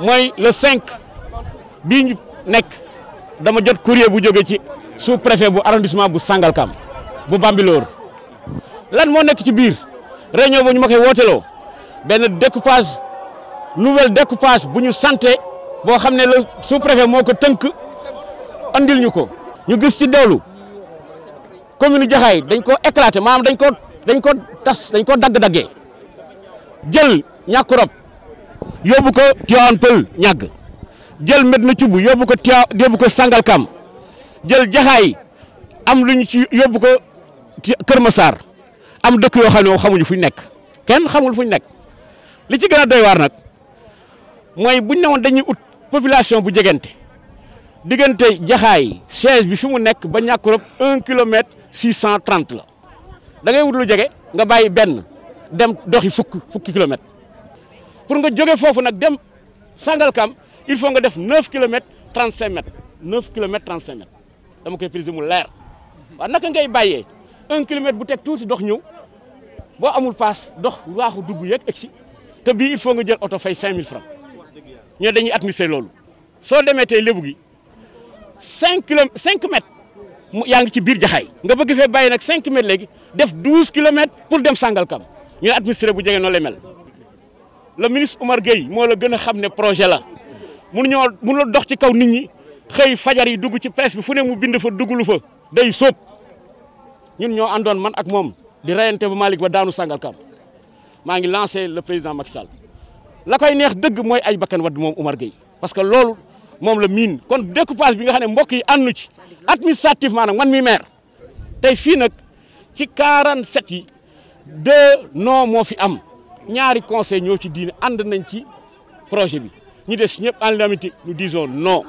mooy le cinq bii nekk dama jot courrier bu jóge ci sous préfet bu arrondissement bu Sangalkam bu Bambilor lan moo nekk ci biir réunion bu ñu ma koy wooteloo benn découpage nouvelle découpage bu ñu santé boo xam ne le sous préfet moo ko tënk andil ñu ko ñu gis ci doolu commune Jaxaay dañ ko éclaté maanaam dañ ko dañ ko tas dañ ko dagg-daggee jël ñàkk yóbbu ko Tivaouane Peulh ñàgg jël Médina Thioub yóbbu ko Tiwa yóbbu ko Sangalkam jël jaxaay am lu ñu ci yóbbu ko Kër Massar am dëkk yoo xamuñu fu ñu nekk kenn xamul fu ñu nekk li ci gën a doy waar nag mooy buñ ne woon dañuy ut population bu jegante diggante jaxaay siège bi fi mu nekk ba Niacoulrab un kilomètre six cent trente la da ngay wut lu jege nga bàyyi benn dem doxi fukk fukki kilomètre pour nga jóge fofu nak dem Sangalkam il faut nga def 9 km, 35 mètres 9 km, 35 mètres dama koy préciser mu leer wa nak ngay bayé 1 km bu teg tuuti dox ñëw bo amul paas dox waxu dugg yek exi té bi il faut nga jël auto fay 5000 francs ñoo dañuy administrer lolu so démé tey lebu gi 5 km, 5 mètres yaa ngi ci biir jaxay nga bëgg fee bayé nak 5 m légui def 12 km pour dem Sangalkam ñu ne bu jege no lay mel le ministre Oumar Gueye moo la gën a xam ne projet la mun ñoo mun la dox ci kaw nit ñi xëy fajar yi dugg ci presse bi fu ne mu bind fa duggulu fa day sóob ñun ñoo àndoon man ak moom di reyante ba Malick ba daanu Sangalkam maa ngi lancé le président Macky Sall la koy neex dëgg mooy ay bakkan wadd moom Oumar Gueye parce que loolu moom la miin kon découpage bi nga xam ne mbokk yi àndu ci administrativement nag man mi maire tey fii nag ci 47 yi deux noms moo fi am ñaari conseil ñoo ci diine ànd nañ ci projet bi ñi des ñëpp an lamité nous disons no